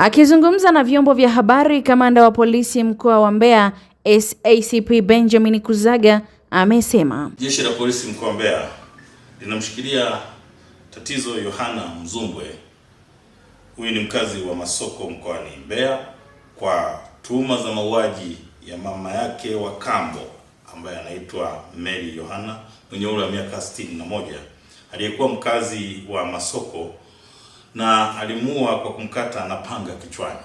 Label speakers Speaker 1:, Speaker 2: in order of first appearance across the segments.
Speaker 1: Akizungumza na vyombo vya habari, kamanda wa polisi mkoa wa Mbeya SACP Benjamin Kuzaga amesema
Speaker 2: jeshi la polisi mkoa wa Mbeya linamshikilia Tatizo Yohana Mzumbwe, huyu ni mkazi wa Masoko mkoani Mbeya kwa tuhuma za mauaji ya mama yake wa kambo ambaye anaitwa Mary Yohana mwenye umri wa miaka 61 aliyekuwa mkazi wa Masoko na alimuua kwa kumkata na panga kichwani.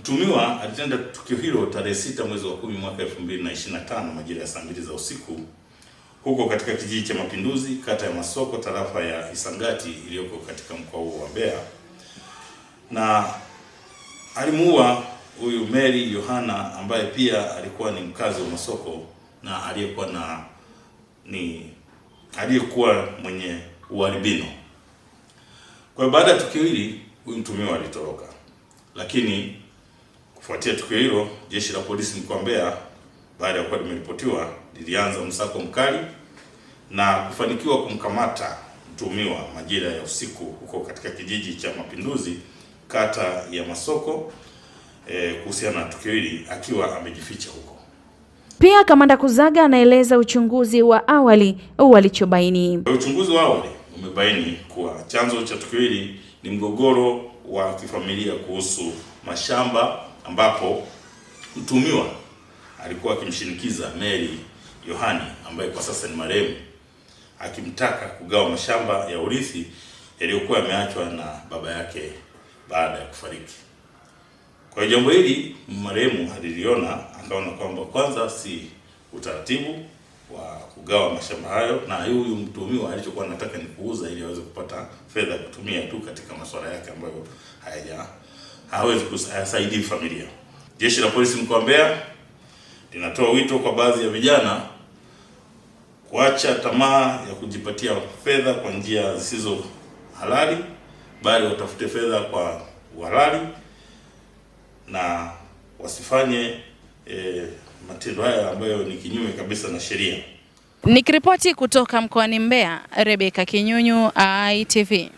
Speaker 2: Mtumiwa alitenda tukio hilo tarehe sita mwezi wa kumi mwaka 2025 majira ya saa mbili za usiku huko katika kijiji cha Mapinduzi, kata ya Masoko, tarafa ya Isangati iliyoko katika mkoa huo wa Mbeya, na alimuua huyu Mary Yohana ambaye pia alikuwa ni mkazi wa Masoko na aliyekuwa na ni aliyekuwa mwenye ualbino. Kwa hiyo baada ya tukio hili huyu mtumio alitoroka, lakini kufuatia tukio hilo jeshi la polisi mkoa Mbeya baada ya kuwa limeripotiwa lilianza msako mkali na kufanikiwa kumkamata mtumiwa majira ya usiku huko katika kijiji cha Mapinduzi kata ya Masoko eh, kuhusiana na tukio hili akiwa amejificha huko.
Speaker 1: Pia Kamanda Kuzaga anaeleza uchunguzi wa awali walichobaini.
Speaker 2: Uchunguzi wa awali umebaini kuwa chanzo cha tukio hili ni mgogoro wa kifamilia kuhusu mashamba ambapo mtumiwa alikuwa akimshinikiza Mary Yohani ambaye kwa sasa ni marehemu akimtaka kugawa mashamba ya urithi yaliyokuwa yameachwa na baba yake baada ya kufariki. Kwa hiyo jambo hili marehemu aliliona, akaona kwamba kwanza si utaratibu wa kugawa mashamba hayo, na huyu mtuhumiwa alichokuwa anataka ni kuuza ili aweze kupata fedha kutumia tu katika masuala yake ambayo hayaja hawezi kusaidia familia. Jeshi la Polisi mkoa wa Mbeya linatoa wito kwa baadhi ya vijana kuacha tamaa ya kujipatia fedha kwa njia zisizo halali, bali watafute fedha kwa uhalali na wasifanye matendo haya ambayo ni kinyume kabisa na sheria.
Speaker 1: Nikiripoti kutoka mkoani Mbeya, Rebeka Kinyunyu, ITV.